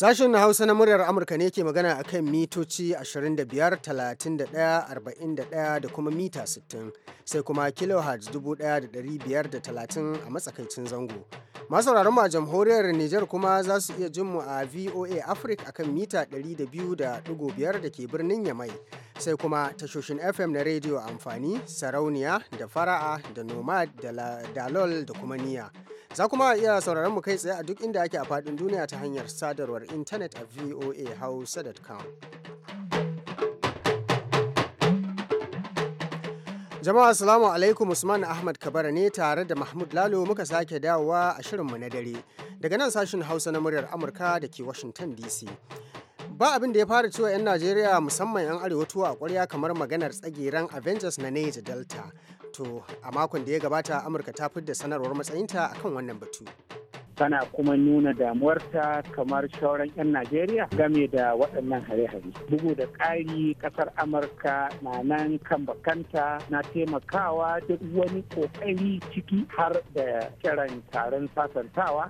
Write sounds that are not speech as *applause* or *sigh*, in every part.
Sashen Hausa na muryar Amurka ne ke magana a kan mitoci 25, 31, 41 da kuma mita 60, sai kuma kilohertz 1530 a matsakaicin zango. Masu mu a jamhuriyar Nijar kuma za su iya jinmu a VOA Africa a kan mita 200.5 da ke birnin Yamai. sai kuma tashoshin fm na rediyo amfani sarauniya da fara'a da nomad da dalol da kuma niya za kuma iya sauraron mu kai tsaye a duk inda ake a faɗin duniya ta hanyar sadarwar intanet a voa hausa.com Jama'a Assalamu alaikum Usman Ahmad Kabara ne tare da Mahmud Lalo muka sake dawowa a shirinmu na dare. Daga nan sashin Hausa na muryar Amurka da ke Washington DC. ba abin da ya fara cewa 'yan najeriya musamman 'yan arewa tuwa a kwarya kamar maganar tsageren avengers na neja delta to a makon da ya gabata amurka ta da sanarwar matsayinta akan wannan batu tana kuma nuna damuwarta kamar shauran 'yan najeriya game da waɗannan hare-hare bugu da ƙari ƙasar amurka na nan kan bakanta na taimakawa duk wani ƙoƙari ciki har da kiran taron sasantawa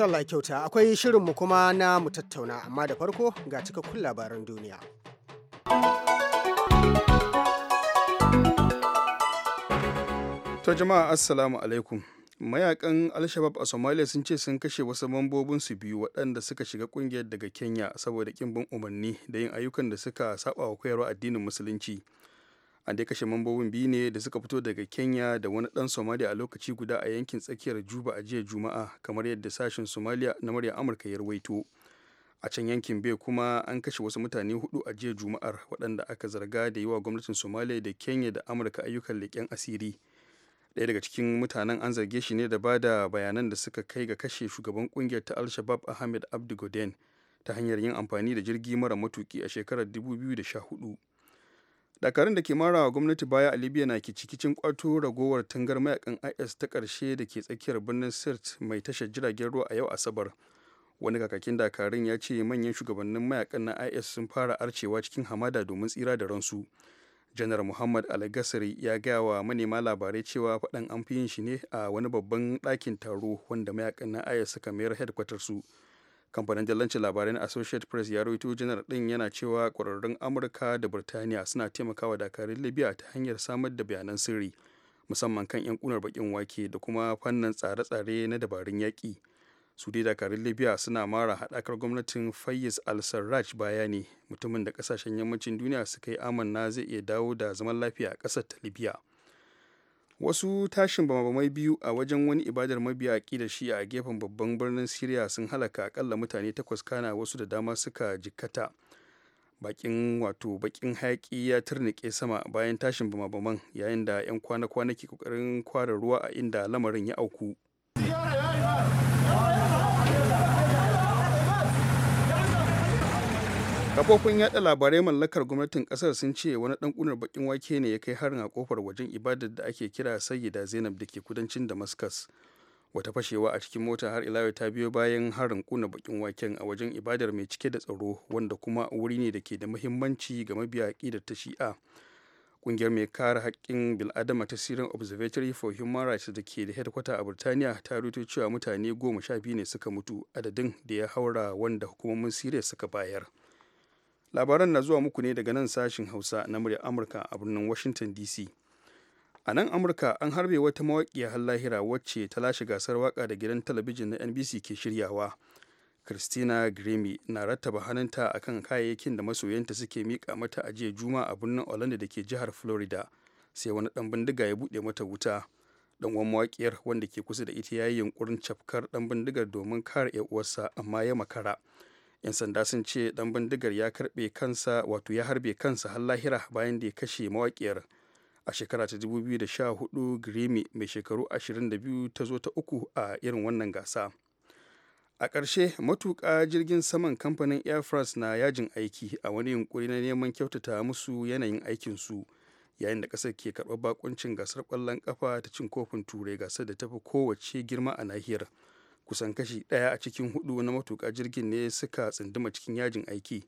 Allah kyauta akwai shirinmu kuma na mu tattauna amma da farko ga cikakkun labaran duniya. Ta jama'a assalamu alaikum. mayakan alshabab a somalia sun ce sun kashe wasu mambobin su biyu waɗanda suka shiga kungiyar daga kenya saboda bin umarni da yin ayyukan da suka saba wa koyarwa addinin musulunci an dai kashe mambobin biyu ne da suka fito daga kenya da wani ɗan somalia a lokaci guda a yankin tsakiyar juba a jiya juma'a kamar yadda sashen somalia na murya amurka ya rawaito a can yankin bai kuma an kashe wasu mutane hudu a jiya juma'ar waɗanda aka zarga da yi wa gwamnatin somalia da kenya da amurka ayyukan leƙen asiri ɗaya daga cikin mutanen an zarge shi ne da ba da bayanan da suka kai ga kashe shugaban kungiyar ta al-shabab ahmed abdi goden ta hanyar yin amfani da jirgi mara matuki a shekarar 2014 dakarun da ke mara wa gwamnati baya a libya na ke cikicin kwato ragowar tangar mayakan is ta ƙarshe da ke tsakiyar birnin sirt mai tashar jiragen ruwa a yau asabar wani kakakin dakarun ya ce manyan shugabannin mayakan na is sun fara arcewa cikin hamada domin tsira da ransu janar muhammad alagasari ya gaya wa manema labarai cewa faɗan an fi yin shi ne a wani babban ɗakin taro wanda mayakan na ayyar suka mayar headquarter su kamfanin jallancin labarai na associate press ya rawaito janar ɗin yana cewa kwararrun amurka da birtaniya suna taimakawa dakarun libya ta hanyar samar da bayanan sirri musamman kan 'yan kunar bakin wake da kuma fannin tsare-tsare na dabarun yaƙi. su dai dakarun libya suna mara haɗakar gwamnatin fayyaz al-sarraj baya ne mutumin da ƙasashen yammacin duniya suka yi amanna zai iya dawo da zaman lafiya a ƙasar ta libya wasu tashin bamabamai biyu a wajen wani ibadar mabiya da shi a gefen babban birnin syria sun halaka akalla mutane takwas kana wasu da dama suka jikkata bakin wato bakin hayaki ya turnike sama bayan tashin bamabaman yayin da 'yan kwana-kwana kokarin kwara ruwa a inda lamarin ya auku kafofin yada labarai mallakar gwamnatin kasar sun ce wani dan kunar bakin wake ne ya kai harin a kofar wajen ibadar da ake kira sayyida zainab da ke kudancin damascus wata fashewa a cikin mota har ila ta biyo bayan harin kuna bakin waken a wajen ibadar mai cike da tsaro wanda kuma wuri ne da ke da muhimmanci ga mabiya ƙidar ta shi'a kungiyar mai kare haƙƙin bil'adama ta sirin observatory for human rights da ke da headquarter a birtaniya ta rito cewa mutane goma sha biyu ne suka mutu adadin da ya haura wanda hukumomin siriya suka bayar labaran na zuwa muku ne daga nan sashin hausa na murya amurka a birnin washington dc a nan amurka an harbe wata mawaƙiya har lahira wacce ta lashe gasar waka da gidan talabijin na nbc ke shiryawa christina grimy na rattaba hannunta kan kayayyakin da masoyanta suke miƙa mata a jiya juma a birnin orlando da ke jihar florida sai wani ɗan bindiga ya buɗe mata wuta dan wani mawaƙiyar wanda ke kusa da ita ya yi yunkurin cafkar ɗan bindigar domin kare uwarsa amma ya makara 'yan sanda sun ce dan bindigar ya karbe kansa wato ya harbe kansa har lahira bayan da ya kashe mawakiyar a shekara ta 2014 grammy mai shekaru 22 ta zo ta uku a irin wannan gasa a ƙarshe matuƙa jirgin saman kamfanin air france na yajin aiki a wani yunkuri na neman kyautata musu yanayin aikin su yayin da ƙasar ke karɓar bakuncin gasar ƙwallon ƙafa ta cin kofin turai gasar da ta fi kowace girma a nahiyar kusan kashi ɗaya a cikin hudu na matuƙa jirgin ne suka tsunduma cikin yajin aiki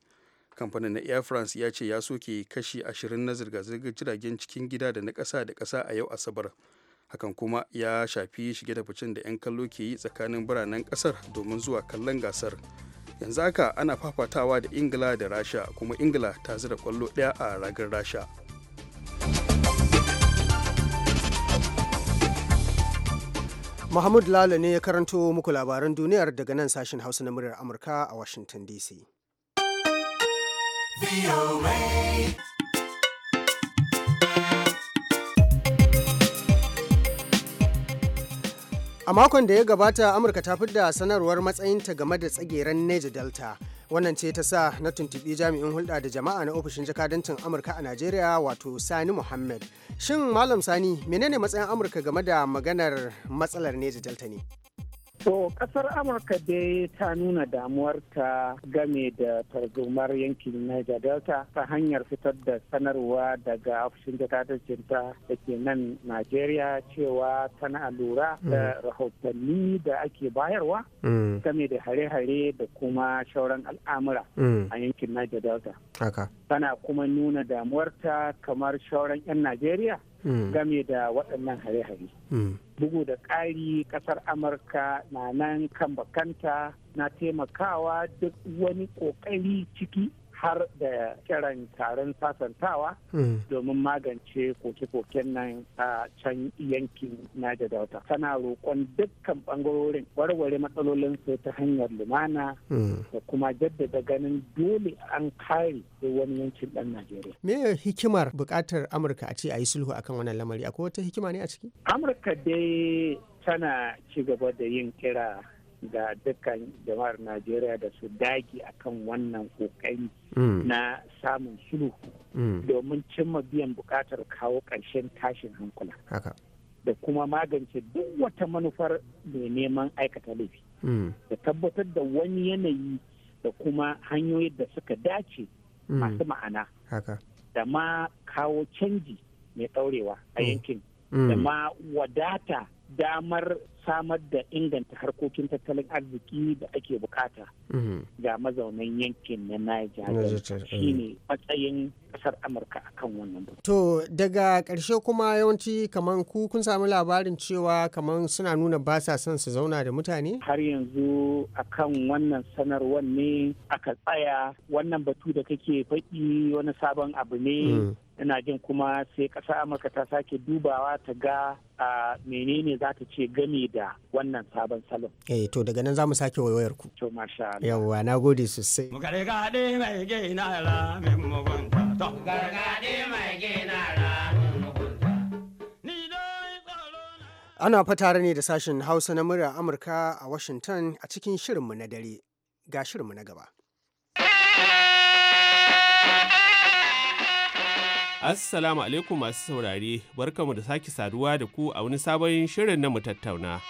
kamfanin na air france ya ce ya soke kashi ashirin na zirga-zirgar jiragen cikin gida da na ƙasa da ƙasa a yau asabar hakan kuma ya shafi shige da ficen da 'yan kallo ke yi tsakanin biranen ƙasar domin zuwa kallon gasar yanzu haka ana fafatawa da ingila da rasha kuma ingila ta zira kwallo ɗaya a ragar rasha Mahmud Lalo ne ya karanto muku labaran duniyar daga nan sashen Hausa na muryar Amurka a Washington DC. A makon da ya gabata Amurka ta fi da sanarwar matsayinta game da tsageren Neja Delta wannan ce ta sa na tuntuɓi jami'in hulɗa da jama'a na ofishin jakadancin amurka a najeriya wato sani muhammad shin malam sani menene matsayin amurka game da maganar matsalar ne da delta ne To kasar Amurka dai ta nuna damuwarta game da tarzomar yankin Niger Delta ta hanyar fitar da sanarwa daga ofishin ta da ke nan Najeriya cewa tana lura da mm. rahotanni da ake bayarwa mm. game da hare-hare da kuma shauran al'amura mm. a yankin Niger Delta. Tana kuma nuna damuwarta kamar shauran 'yan Najeriya Mm. game da waɗannan hare-hare. Mm. Bugu da ƙari ƙasar Amurka na nan kan bakanta na taimakawa duk wani ƙoƙari ciki har da kiran taron sasantawa hmm. domin magance koke-koken nan a can yankin da Delta. Tana roƙon dukkan ɓangarorin warware matsalolin su ta hanyar lumana hmm. da kuma jaddada ganin dole an kare wani yankin ɗan Najeriya. Me hikimar buƙatar Amurka a ce a yi sulhu akan wannan lamari? Akwai wata hikima ne a ciki? Amurka dai tana ci gaba da yin kira ga dukkan jama'ar najeriya da su a kan wannan kokari mm. na samun sulhu mm. domin cimma biyan bukatar kawo ƙarshen tashin hankula da kuma magance duk wata manufar mai neman aikata laifi mm. da tabbatar da wani yanayi da kuma hanyoyi da suka dace masu ma'ana da ma kawo canji mai ɗaurewa a yankin da ma wadata damar samar da inganta harkokin tattalin arziki da ake bukata mhm. ga mazaunan yankin na Niger eh. shine matsayin kasar Amurka akan wannan batu. To daga ƙarshe kuma yawanci kaman ku kun sami labarin cewa kaman suna nuna ba sa son su zauna da mutane? Har yanzu akan wannan sanarwar ne aka tsaya wannan batu da kake faɗi wani sabon abu ne mm. ina jin kuma sai ƙasar amurka ta sake dubawa ta ga a menene za ta ce game da wannan sabon salon. eh to daga nan za mu sake wayoyar ku to masha Allah yawwa na gode sosai mu gargaɗe mai gina ra mai mugunta to gargaɗe mai gina ra Ana fatare ne da sashen Hausa na murya Amurka a Washington a cikin shirinmu na dare ga shirinmu na gaba. Assalamu alaikum masu saurare, barkamu da sake saduwa da ku a wani sabon shirin na mu tattauna.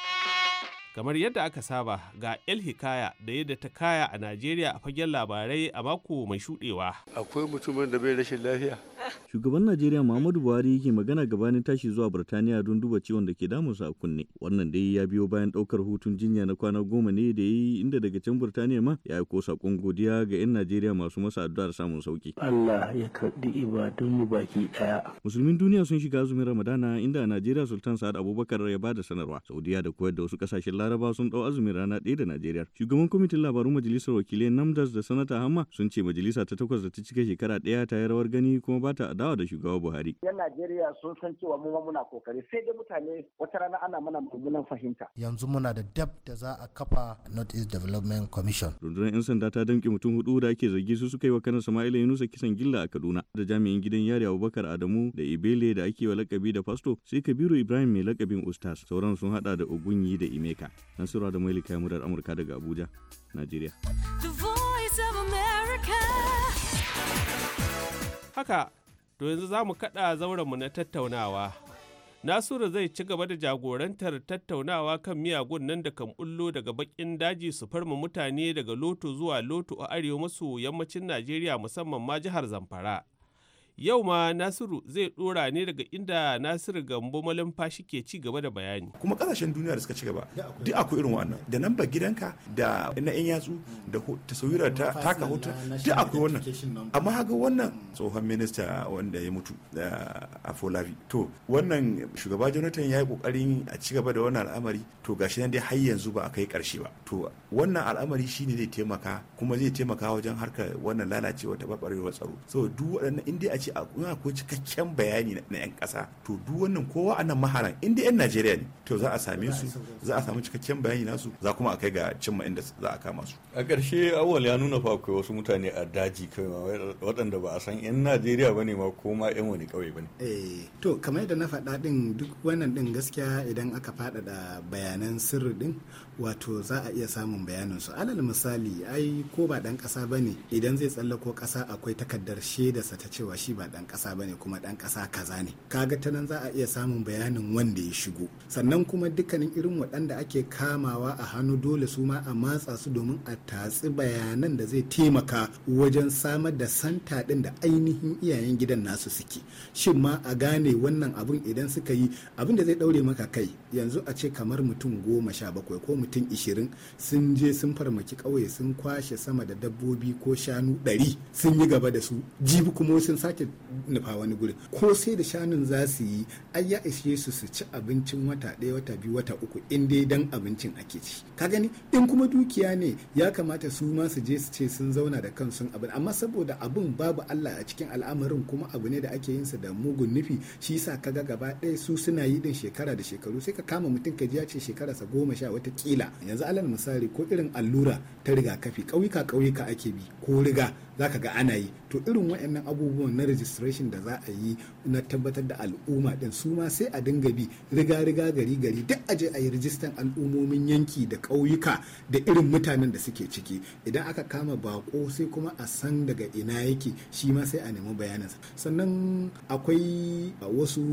Kamar yadda aka saba ga El Hikaya da yadda ta kaya a Najeriya a fagen labarai a mako mai shudewa. Akwai mutumin da bai rashin lafiya? *laughs* Shugaban Najeriya Muhammadu Buhari yake magana gabanin tashi zuwa Birtaniya don duba ciwon da ke damunsa a kunne. Wannan dai ya biyo bayan daukar hutun jinya na kwana goma ne da ya yi inda daga can Birtaniya ma ya aiko saƙon godiya ga 'yan Najeriya masu masa addu'ar samun sauki. Allah ya karɓi ibadunmu baki ɗaya. Musulmin duniya sun shiga azumin Ramadana inda a Najeriya Sultan Sa'ad Abubakar ya bada sanarwa. Saudiya da koyar da wasu ƙasashen Laraba sun dau azumin rana ɗaya da Najeriya. Shugaban kwamitin labarun majalisar wakilai Namdas da Sanata Hamma sun ce majalisa ta takwas da ta cika shekara ɗaya ta yi rawar gani kuma ba ta adawa da shugaban Buhari. Yan Najeriya sun san cewa mu muna kokari sai dai mutane wata rana ana mana mummunan fahimta. Yanzu muna da dab da za a kafa North East Development Commission. Rundunar 'yan sanda ta damƙe mutum hudu da ake zargi su suka yi wa kanan Sama'ila Yunusa kisan gilla a Kaduna da jami'in gidan yari Abubakar Adamu da Ibele da ake wa lakabi da Fasto sai Kabiru Ibrahim mai lakabin Ustaz sauran sun hada da Ogunyi da Imeka. Nasiru da Mailika Murar Amurka daga Abuja, Najeriya. Haka To yanzu za mu kaɗa mu na tattaunawa. Nasiru zai ci gaba da jagorantar tattaunawa kan miyagun nan da kan bullo daga bakin daji su farma mutane daga loto zuwa loto a arewa maso yammacin Najeriya musamman ma jihar Zamfara. Yau ma Nasiru zai dora ne daga inda Nasiru Gambo Malumfashi ke ci gaba da bayani. Kuma kasashen duniya da suka ci gaba duk akwai irin wannan da nan gidanka da na yan yatsu da tasawira ta taka hota duk akwai wannan. Amma haka wannan tsohon minista wanda ya mutu eh, a folavi To wannan shugaba Jonathan ya yi kokarin a ci gaba da wannan al'amari to gashi nan dai har yanzu ba a kai karshe ba. To wannan al'amari shine zai taimaka kuma zai taimaka wajen harkar wannan lalacewa ta tsaro. so duk waɗannan in a ce ce akwai cikakken bayani na 'yan kasa to duk wannan kowa a nan maharan inda 'yan najeriya ne to za a same su za a samu cikakken bayani nasu za kuma a kai ga cimma inda za a kama su a ƙarshe awal ya nuna fa akwai wasu mutane a daji kawai waɗanda ba a san 'yan najeriya ba ne ma ko ma 'yan wani kawai ba ne eh, to kamar yadda na faɗa ɗin duk wannan din gaskiya idan aka faɗaɗa bayanan sirri din wato za a iya samun bayanin su alal misali ai ko ba ɗan ƙasa bane idan zai tsallako ƙasa akwai takardar shaidarsa ta cewa shi ba dan kasa bane kuma ɗan kasa kaza ne kaga ta nan za a iya samun bayanin wanda ya shigo sannan kuma dukkanin irin waɗanda ake kamawa a hannu dole su ma a matsa su domin a tatsi bayanan da zai taimaka wajen samar da santa ɗin da ainihin iyayen gidan nasu suke shin ma a gane wannan abun idan suka yi abin da zai ɗaure maka kai yanzu a ce kamar mutum goma sha bakwai ko mutum ishirin sun je sun farmaki ƙauye sun kwashe sama da dabbobi ko shanu ɗari sun yi gaba da su jibi kuma sun sake nufa wani guri ko sai da shanun za su yi ai ya ishe su su ci abincin wata ɗaya wata biyu wata uku in dai dan abincin ake ci ka gani in kuma dukiya ne ya kamata su ma su je su ce sun zauna da kansu abin amma saboda abin babu Allah a cikin al'amarin kuma abu ne da ake yin sa da mugun nufi shi yasa kaga gaba ɗaya su suna yi din shekara da shekaru sai ka kama mutum ka ji ya ce shekararsa goma sha wata kila yanzu alal misali ko irin allura ta rigakafi ƙauyuka ƙauyuka ake bi ko riga za ka ga ana yi to irin waɗannan abubuwan na registration da za a yi na tabbatar da al'umma din su ma sai a dinga bi riga riga gari gari duk je a yi rijistan al'ummomin yanki da ƙauyuka da irin mutanen da suke ciki idan aka kama bako sai kuma a san daga ina yake shi ma sai a nemi bayaninsa sannan akwai wasu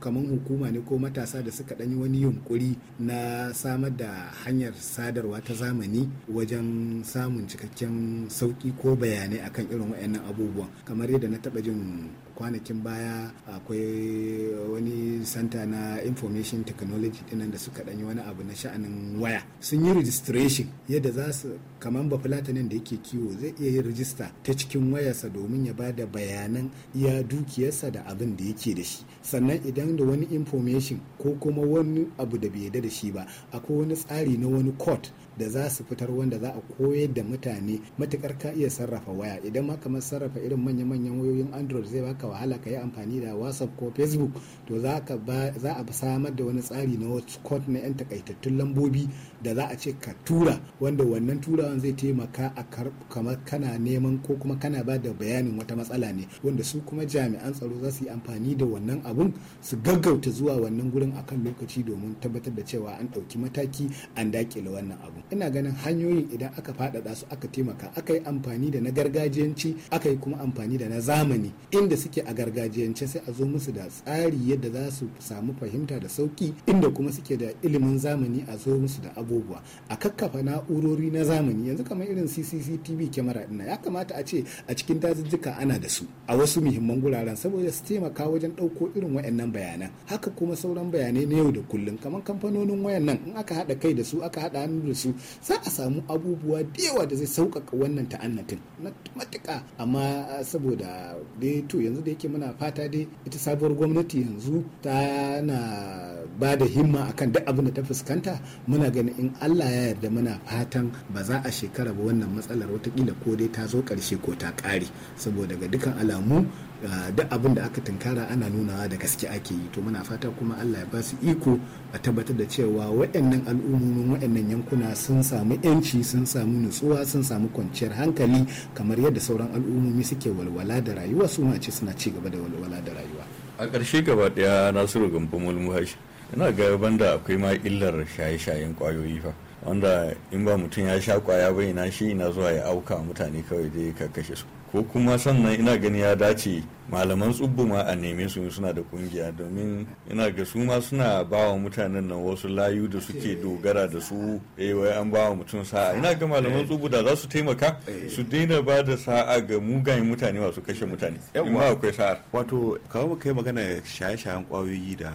kamar hukuma ne ko matasa da suka ɗanyi wani yunkuri na samar da hanyar sadarwa ta zamani wajen samun cikakken sauƙi ko bayani bayanai akan irin waɗannan abubuwan kamar yadda na taba jin kwanakin baya akwai wani santa na information technology dinan da suka danyi wani abu na sha'anin waya sun yi registration yadda za su kamar ba fulatanin da yake kiwo zai iya yin rijista ta cikin wayarsa domin ya ba da bayanan iya dukiyarsa da abin da yake da shi sannan idan da wani information ko kuma wani abu da bai yarda da shi ba akwai wani tsari na wani court da za su fitar wanda za a koyar da mutane matukar ka iya sarrafa waya idan ma kamar sarrafa irin manya-manyan wayoyin android zai baka wahala ka yi amfani da whatsapp ko facebook to za a samar da wani tsari na hotspot na 'yan takaitattun lambobi da za a ce ka tura wanda wannan turawan zai taimaka a kamar kana neman ko kuma kana ba da bayanin wata matsala ne wanda su kuma jami'an tsaro za su yi amfani da wannan abun su gaggauta zuwa wannan gurin akan lokaci domin tabbatar da cewa an ɗauki mataki an dakile wannan abun. ina ganin hanyoyin idan aka faɗaɗa su aka taimaka aka yi amfani da na gargajiyanci aka yi kuma amfani da na zamani inda suke a gargajiyance sai a zo musu da tsari yadda za su samu fahimta da sauki inda kuma suke da ilimin zamani a zo musu da abubuwa a kakkafa na'urori na zamani yanzu kamar irin cctv kyamara ina ya kamata a ce a cikin dazuzzuka ana da su a wasu muhimman guraren saboda su taimaka wajen ɗauko irin wayannan bayanan haka kuma sauran bayanai na yau da kullum kamar kamfanonin wayannan in aka haɗa kai da su aka haɗa hannu da su za a samu abubuwa da yawa da zai sauƙaƙa wannan ta'annatin na matuƙa amma ah, saboda da to yanzu da yake muna fata dai ita sabuwar gwamnati yanzu tana ba da himma akan duk abin da ta fuskanta muna ganin in Allah ya yarda muna fatan ba za a shekara ba wannan matsalar watakila ko dai ta zo ƙarshe ko ta ƙare saboda ga dukkan alamu Ah, duk abin da aka tunkara ana nunawa da gaske ake yi to muna fata kuma Allah ya ba su iko a tabbatar da cewa waɗannan al'ummomin waɗannan yankuna sun samu yanci sun samu nutsuwa sun samu kwanciyar hankali kamar yadda sauran al'ummomi suke walwala da rayuwa su ce suna ci gaba da walwala da rayuwa a ƙarshe gaba ɗaya nasiru gambo mulmuhashi ina ga banda akwai ma illar shaye-shayen kwayoyi fa wanda in ba mutum ya sha kwaya bai na shi ina zuwa ya auka mutane kawai dai ka kashe su ko kuma sannan ina gani ya dace malaman tsubbu ma a neme su suna da kungiya domin ina ga su ma suna ba wa mutanen nan wasu layu da suke dogara da su eh wai an ba wa mutum sa'a ina ga malaman eh. tsubbu da za su taimaka eh. su daina ba da sa'a ga mugayen mutane masu kashe mutane in akwai sa'a. wato kawo kai magana shaye-shayen kwayoyi da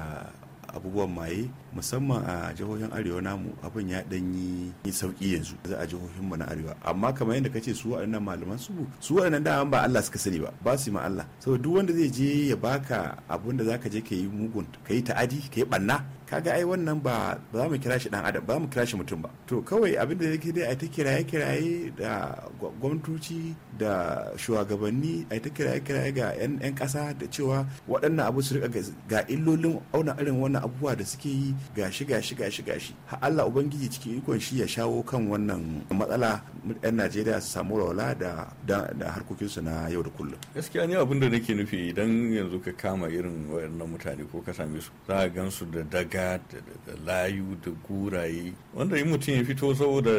abubuwan maye musamman a jihohin arewa namu abin ya danyi sauki yanzu za a jihohin mu na arewa amma kamar yadda kace su waɗannan malaman su su waɗannan da ba Allah suka sani ba ba su ma Allah saboda duk wanda zai je ya baka abun da zaka je ka mugun ka yi ta'adi ka banna kaga ai wannan ba za mu kira shi dan adam ba mu kira shi mutum ba to kawai abin da yake dai a ta kiraye kiraye da gwamnatoci da shugabanni a ta kiraye kiraye ga yan yan kasa da cewa waɗannan abu su rika ga illolin auna irin wannan abubuwa da suke yi gashi gashi gashi gashi ha Allah ubangiji cikin ikon shi ya shawo kan wannan matsala yan Najeriya su samu rawala da da harkokinsu na yau da kullum gaskiya ne abin da nake nufi idan yanzu ka kama irin wayannan mutane ko ka same su za a gan su da daga da layu da guraye wanda in mutum ya fito saboda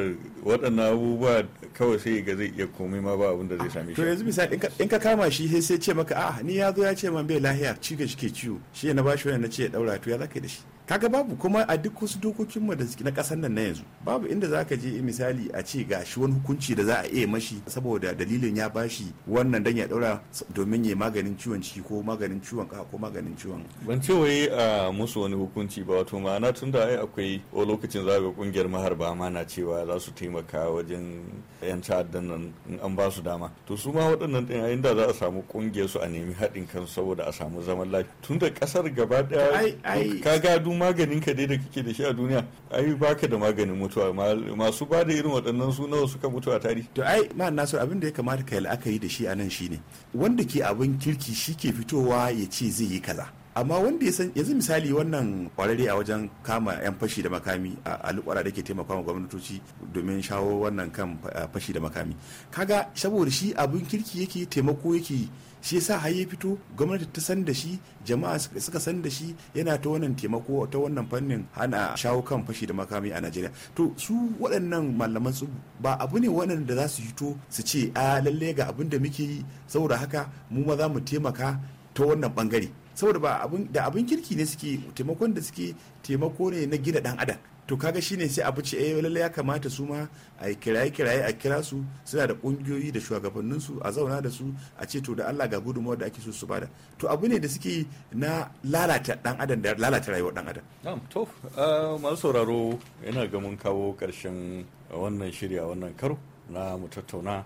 waɗannan abubuwa kawai sai ga zai iya komai ma ba abin da zai same ah, shi to yanzu misali in ka kama shi sai sai ce maka a ni ya zo ya ce man bai lahiya ci ga shi ke ciwo shi na bashi wani na ce ya daura to ya zaka da shi kaga babu kuma a duk wasu dokokin mu da na kasan nan na yanzu babu inda za ka je misali a ce ga gashi wani hukunci da za a iya mashi saboda dalilin ya bashi wannan dan ya daura domin ya maganin ciwon ciki ko maganin ciwon kafa ko maganin ciwon ban ce wai a musu wani hukunci ba wato ma'ana tun da ai akwai o lokacin za ga kungiyar maharba ma na cewa za su taimaka wajen yan ta'addan nan in an ba su dama to su ma waɗannan din inda da za a samu kungiyar su a nemi haɗin kan saboda a samu zaman lafiya tun da ƙasar gaba ɗaya ka gado duk maganin ka dai da kake da shi a duniya ai baka da maganin mutuwa masu ba da irin waɗannan su nawa suka mutu a tarihi. to ai ma nasir abin da ya kamata ka yi la'akari da shi a nan shine wanda ke abin kirki shi ke fitowa ya ce zai yi kaza amma wanda ya san yanzu misali wannan kwararre a wajen kama 'yan fashi da makami a alƙwara da ke taimaka ma gwamnatoci domin shawo wannan kan fashi da makami kaga saboda shi abin kirki yake taimako yake shi yasa har ya fito gwamnati ta san da shi jama'a suka san da shi yana ta wannan taimako ta wannan fannin hana shawo kan fashi da makami a Najeriya to su waɗannan malaman su ba abu ne waɗanda za su to su ce a lalle ga abin da muke yi saboda haka mu ma za mu taimaka ta wannan bangare saboda ba da abin kirki ne suke taimakon da suke taimako ne na gina dan adam to kaga shine sai abu ce eh lalle ya kamata su ma a yi kiraye kiraye a kira su suna da kungiyoyi da shugabannin su a zauna da su a ce to da Allah ga gudunmawar da ake so su bada to abu ne da suke na lalata dan adam da lalata rayuwar dan adam na'am to eh, masu sauraro yana ga mun kawo karshen wannan shirya wannan karo na mu tattauna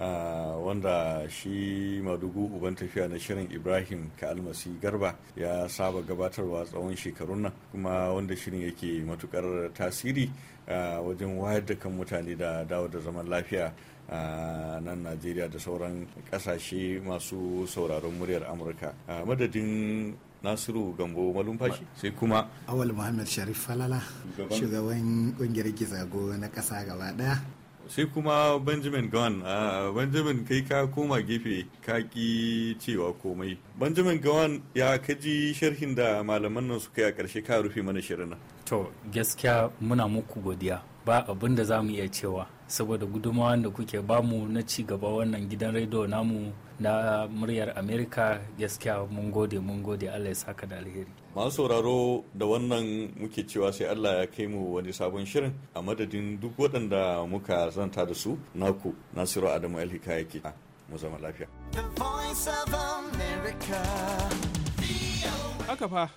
wanda shi madugu uban tafiya na shirin ibrahim ka almasi garba ya saba gabatarwa tsawon shekarun nan kuma wanda shirin yake matukar tasiri wajen wayar da kan mutane da dawo da zaman lafiya a nan najeriya da sauran kasashe masu sauraron muryar amurka madadin nasiru gambo malumfashi sai kuma awal muhammad sharif falala shugaban kungiyar gizago na kasa gaba daya sai kuma benjamin gawan benjamin kai ka koma gefe ka ki cewa komai benjamin gawan ya kaji sharhin da malaman nan suka yi a ƙarshe ka rufe mana shirin to gaskiya muna muku godiya ba abin da za mu iya cewa saboda gudumawan da kuke bamu na ci gaba wannan gidan rediyo namu na muryar amerika gaskiya mun gode mun gode allah ya saka da alheri masu sauraro da wannan muke cewa sai allah ya kai mu wani sabon shirin a madadin duk waɗanda muka zanta da su naku nasiru adamu alhika yake mu zama lafiya haka fa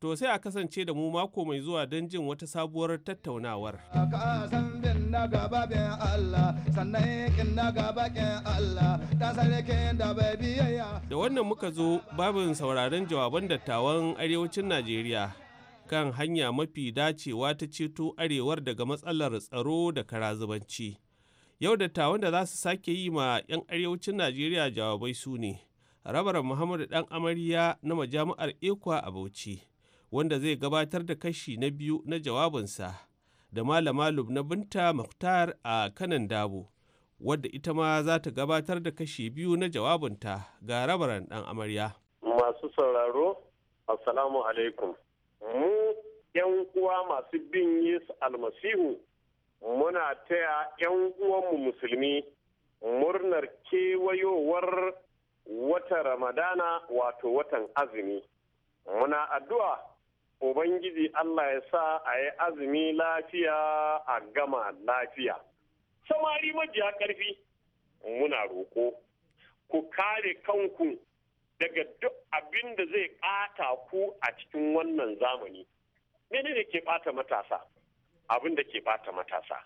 To sai a kasance da mu mako mai zuwa don jin wata sabuwar tattaunawar. Da wannan muka zo babin sauraron jawaban dattawan arewacin Najeriya kan hanya mafi dacewa ta ceto arewar daga matsalar tsaro da karazubanci. Yau dattawan da za su sake yi ma 'yan arewacin Najeriya jawabai su ne. Rabar Muhammadu ɗan amarya na majami'ar ekwa a Bauchi. wanda zai gabatar da kashi na biyu na jawabinsa da malama na binta muktar a kanan dabo wadda ita ma za ta gabatar da kashi biyu na jawabinta ga rabaran dan amarya. Masu sauraro, Assalamu alaikum. Mu ‘yan uwa masu bin Yesu almasihu muna taya ‘yan uwanmu musulmi murnar kewayowar wata Ramadana wato watan azumi. Muna addu'a Ubangiji Allah ya sa a yi azumi lafiya a gama lafiya. Samari majiya ƙarfi, muna roko. ku kare kanku daga duk abin da zai ƙata ku a cikin wannan zamani. Mene ne ke ɓata matasa? Abin da ke ɓata matasa.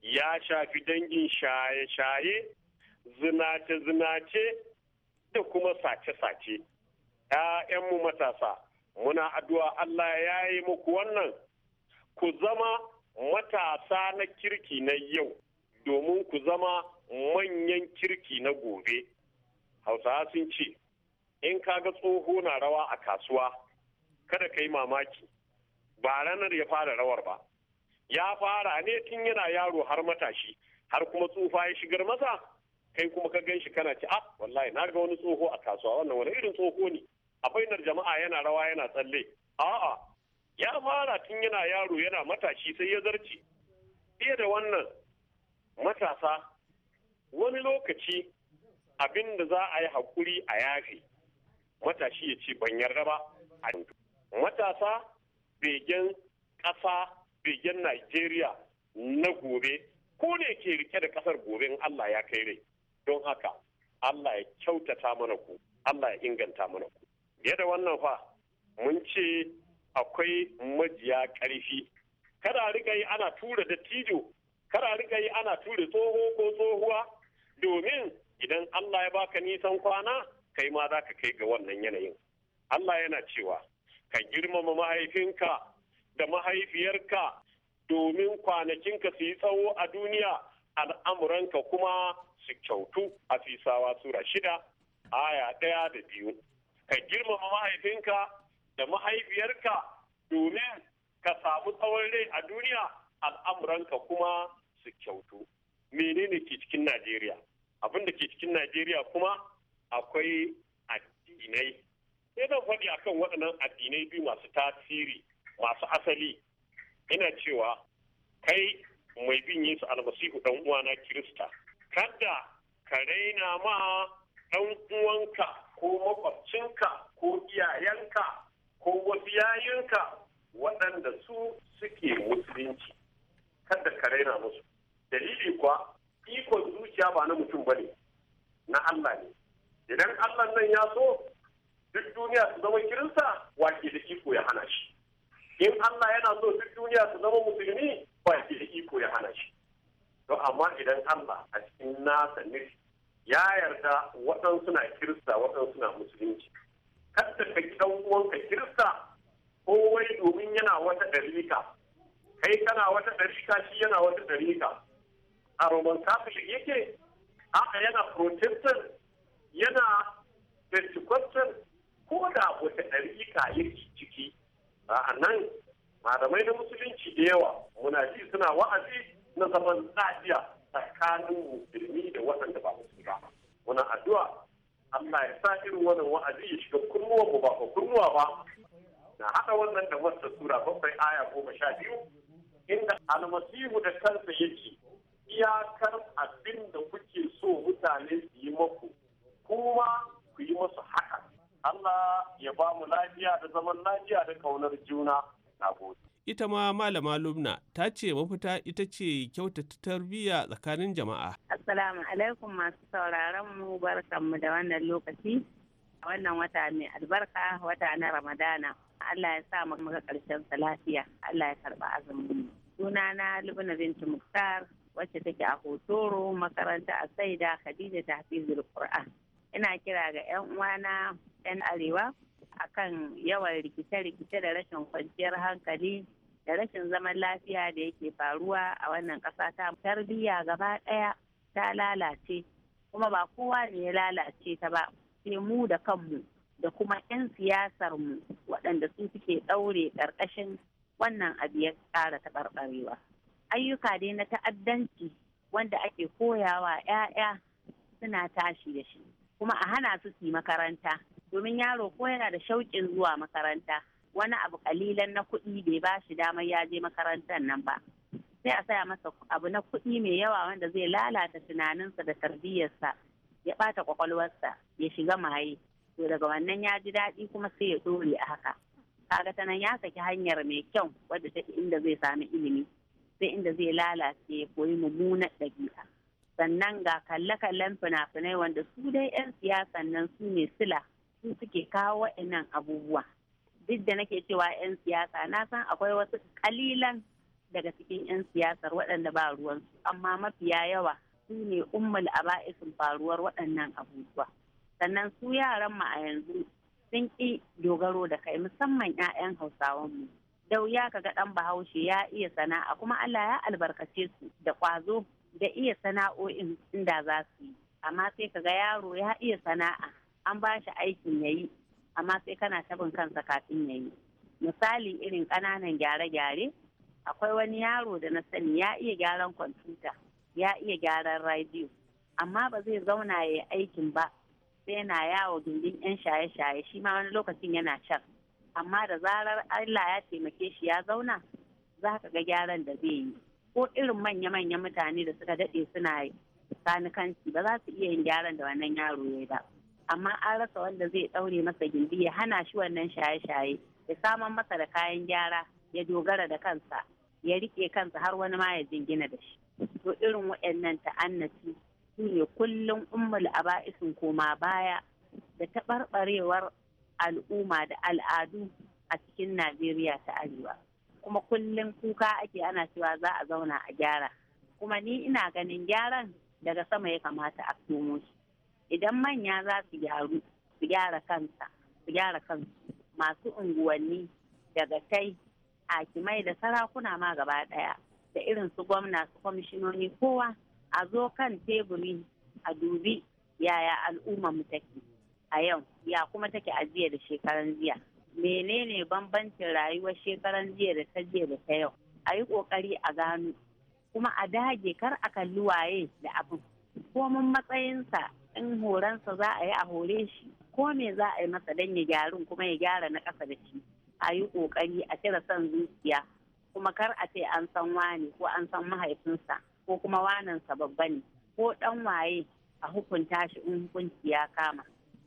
Ya shafi dangin shaye-shaye, zinace-zinace da kuma sace-sace. ‘Ya'yanmu matasa. muna addu'a Allah ya yi muku wannan ku zama matasa na kirki na yau domin ku zama manyan kirki na gobe hausawa sun ce in ka ga tsoho na rawa a kasuwa kada ka yi mamaki ba ranar ya fara rawar ba ya fara ne tun yana yaro har matashi har kuma tsufa ya shigar masa kai kuma ka gan shi kana ci ah wallahi na ga wani tsoho a kasuwa wannan wani irin tsoho ne a bainar jama'a yana rawa yana tsalle a'a ya fara tun yana yaro yana matashi sai ya zarci fiye da wannan matasa wani lokaci abin da za a yi hakuri a yafe matashi ya ce ban yarda ba a matasa begen ƙasa begen Najeriya na gobe ko ne ke rike da ƙasar gobe in Allah ya kai rai don haka Allah ya kyautata mana ku Allah ya inganta mana ku fiye da wannan fa mun ce akwai majiya ƙarfi kada rika yi ana tura dattijo kada rika yi ana tura tsoho ko tsohuwa domin idan Allah ya baka nisan kwana kai ma za ka kai ga wannan yanayin Allah yana cewa ka girmama mahaifinka da mahaifiyarka domin kwanakinka su yi tsawo a duniya al'amuranka kuma su kyautu a fisawa sura shida aya ɗaya da biyu ka girmama mahaifinka da mahaifiyarka domin ka samu tsawon rai a duniya al'amuranka kuma su kyautu menene ke cikin najeriya abin da ke cikin najeriya kuma akwai addinai sai zan faɗi akan waɗannan addinai biyu masu tasiri masu asali ina cewa kai mai bin yesu almasihu dan uwana kirista kada ka raina ma dan uwanka ko makwabcinka ko iyayenka ko wasu yayinka waɗanda su suke musulunci kada ka raina musu dalili kuwa ikon zuciya ba na mutum bane na Allah ne idan Allah nan ya so duk duniya su zama kirinsa wake da iko ya hana shi in Allah yana so duk duniya su zama musulmi wake da iko ya hana shi to amma idan Allah a cikin nasa nufi ya yarda waɗansu na kirista waɗansu na musulunci kasta ka ki uwanka kirista ko wai domin yana wata ɗarika kai kana wata ɗarika shi yana wata ɗarika a roman catholic yake a yana protestant yana pentecostal ko da wata ɗarika yake ciki a nan malamai na musulunci da yawa muna ji suna wa'azi na zaman lafiya tsakanin musulmi da waɗanda ba musulmi ba wani addu'a Allah ya sa irin wannan wa'azi ya shiga kunnuwa mu ba ko kunnuwa ba na haɗa wannan da wata sura bakwai aya goma sha biyu inda almasihu da kansa yake iyakar abin da kuke so mutane su yi maku kuma ku yi masu haka Allah ya ba mu lafiya da zaman lafiya da kaunar juna na gode. ita ma malama lumna ta ce mafita ita ce kyautata tarbiyya tsakanin jama'a assalamu alaikum masu sauraron mu barkanmu da wannan lokaci a wannan wata mai albarka wata na ramadana allah ya sa mu ga karshen sa lafiya allah ya karba suna sunana lubna binti muktar wacce take a hotoro makaranta a saida khadija tahfizul qur'an ina kira ga yan uwana yan arewa a kan yawan rikice-rikice da rashin kwanciyar hankali da rashin zaman lafiya da yake faruwa a wannan ƙasa ta tarbiyya gaba ɗaya ta lalace kuma ba kowa ne ya lalace ta ba sai mu da kanmu da kuma 'yan siyasar mu waɗanda su suke ɗaure ƙarƙashin wannan abu ya ƙara taɓarɓarewa ayyuka dai na ta'addanci wanda ake koyawa 'ya'ya suna tashi da shi kuma a hana su su makaranta domin yaro ko yana da shauƙin zuwa makaranta wani abu kalilan na kuɗi bai ba shi damar ya je makarantar nan ba sai a saya masa abu na kuɗi mai yawa wanda zai lalata tunaninsa da tarbiyyarsa ya ɓata kwakwalwarsa ya shiga maye to daga wannan ya ji daɗi kuma sai ya ɗore a haka kaga ta nan ya saki hanyar mai kyau wadda ta inda zai sami ilimi sai inda zai lalace ya koyi mummunan ɗabi'a sannan ga kalle-kallen fina-finai wanda su dai 'yan siyasan nan su ne sila su suke kawo waɗannan abubuwa duk da nake cewa 'yan siyasa na san akwai wasu kalilan daga cikin 'yan siyasar waɗanda ba ruwansu amma mafiya yawa su ne ummul aba'isin faruwar waɗannan abubuwa sannan su yaran mu a yanzu sun ƙi dogaro da kai musamman 'ya'yan hausawan mu dau ya kaga ɗan bahaushe ya iya sana'a kuma Allah ya albarkace su da ƙwazo da iya sana'o'in inda za su yi amma sai kaga yaro ya iya sana'a an ba shi aikin ya yi amma sai kana tabin kansa kafin ya yi misali irin ƙananan gyare-gyare akwai wani yaro da na sani ya iya gyaran kwamfuta ya iya gyaran radio amma ba zai zauna ya yi aikin ba sai yana yawo gindin 'yan shaye-shaye shi ma wani lokacin yana can amma da zarar allah ya taimake shi ya zauna za ka ga gyaran da zai yi ko irin manya-manyan mutane da suka daɗe suna kanikanci ba za su iya yin gyaran da wannan yaro ya yi ba amma an rasa wanda zai ɗaure masa gindi ya hana shi wannan shaye-shaye ya saman masa da kayan gyara ya dogara da kansa ya riƙe kansa har wani ma ya jingina da shi to irin waɗannan ta'annati su ne kullum ummul aba'isin koma baya da taɓarɓarewar al'umma da al'adu a cikin najeriya ta arewa kuma kullum kuka ake ana cewa za a zauna a gyara kuma ni ina ganin gyaran daga sama ya kamata a tomo shi idan manya za su gyaru su gyara kansa su gyara kansu masu unguwanni daga kai hakimai da sarakuna ma gaba daya da irin su gwamna su kwamishinoni kowa a zo kan teburi a dubi yaya al'umma mu take a yau ya kuma take a jiya da shekaran jiya menene bambancin rayuwar shekaran jiya da ta jiya da ta yau a yi kokari a gano kuma a dage kar a kalli waye da abin komin matsayinsa in horansa za a yi a hore shi ko me za a yi masa don ya gyaru kuma ya gyara na ƙasa da shi a yi ƙoƙari a cire son zuciya kuma kar a ce an san wani ko an san mahaifinsa ko kuma wanansa babba ne ko ɗan waye a hukunta shi in hukunci ya kama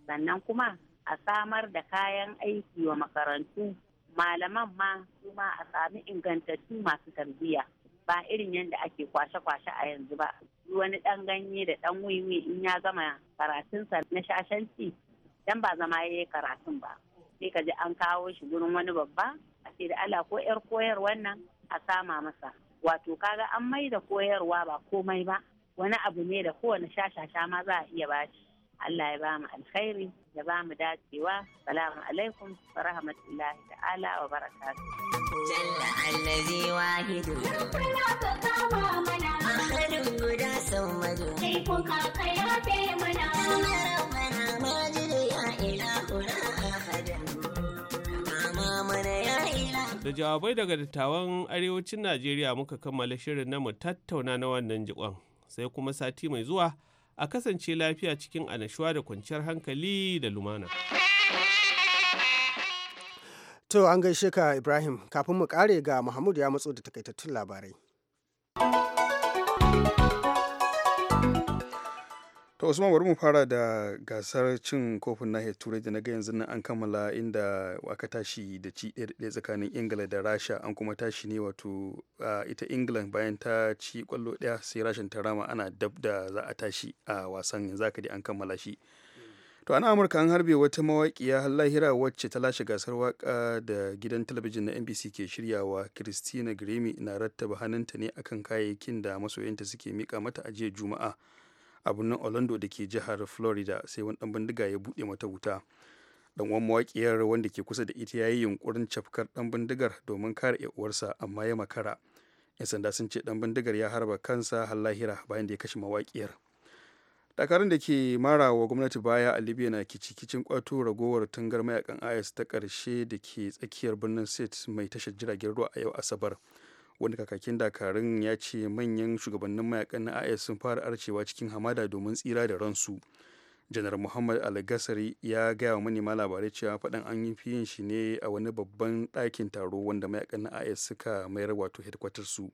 sannan kuma a samar da kayan aiki wa makarantu malaman ma kuma a sami ingantattu masu tarbiyya ba irin yadda ake kwashe-kwashe a yanzu ba wani dan ganye da dan wiwi in ya gama karatunsa na shashanci dan ba zama ya yi karatun ba sai ka ji an kawo shi gurin wani babba a ce da ala ko yar koyar wannan a sama masa wato kaga an mai da koyarwa ba komai ba wani abu ne da kowane shashasha ma za a iya bashi Allah ya ba mu alkhairi ya ba mu dacewa salamu alaikum wa rahmatullahi ta'ala wa barakatuh jalla allazi wahidu ahadun guda saumadu sai kun kaka ya fe mana rabbana majidu ya ilahuna ahadan Da jawabai daga dattawan arewacin Najeriya muka kammala shirin na mu tattauna na wannan jikon sai kuma sati mai zuwa a kasance lafiya cikin anashuwa da kwanciyar hankali da lumana. To an gaishe ka Ibrahim kafin mu kare ga Muhammadu ya matso da takaitattun labarai. To Usman bari mu fara da gasar cin kofin nahiyar Turai da na ga yanzu nan an kammala inda aka tashi da ci ɗaya tsakanin Ingila da Rasha an kuma tashi ne wato ita ingila bayan ta ci kwallo ɗaya sai Rashin ta rama ana dab da za a tashi a wasan yanzu aka an kammala shi. To ana Amurka an harbe wata mawaƙiya lahira wacce ta lashe gasar waka da gidan talabijin na NBC ke shiryawa Christina Grimmie na rattaba hannunta ne akan kayayyakin da masoyanta suke mika mata a jiya Juma'a. a birnin orlando da ke jihar florida sai wani dan bindiga ya buɗe mata wuta dan uwan mawaƙiyar wanda ke kusa da ita ya yi yunkurin cafkar dan bindigar domin kare ya uwarsa amma ya makara 'yan sanda sun ce dan bindigar ya harba kansa har lahira bayan da ya kashe mawaƙiyar dakarun da ke mara wa gwamnati baya a libya na kicikicin kwato ragowar tungar mayakan is ta karshe da ke tsakiyar birnin set mai tashar jiragen ruwa a yau asabar wani kakakin dakarun ya ce manyan shugabannin mayakan na is sun fara arcewa cikin hamada domin tsira da ransu janar muhammad al ya gaya wa manema labarai cewa faɗan an yi fiyin shi ne a wani babban ɗakin taro wanda mayakan na is suka mayar wato headquarters su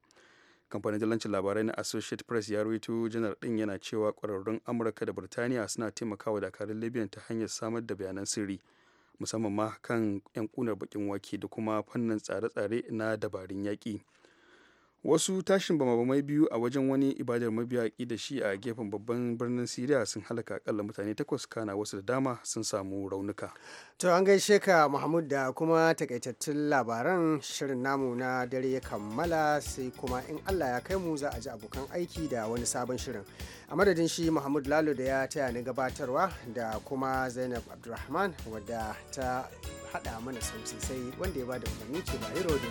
kamfanin dalancin labarai na associate press ya rawaito janar din yana cewa kwararrun amurka da birtaniya suna taimakawa dakarun libyan ta hanyar samar da bayanan sirri musamman ma kan 'yan kunar bakin wake da kuma fannin tsare-tsare na dabarun yaƙi. wasu tashin bama-bamai biyu a wajen wani ibadar mabiya da shi a gefen babban birnin siriya sun halaka akalla mutane takwas kana wasu da dama sun samu raunuka to an gaishe ka mahmud da kuma takaitattun labaran shirin namu na dare ya kammala sai kuma in allah ya kai mu za a ji abokan aiki da wani sabon shirin a madadin shi mahmud lalo da ya taya ni gabatarwa da kuma zainab abdulrahman wadda ta hada mana sauti sai wanda ya ba da umarni ke ba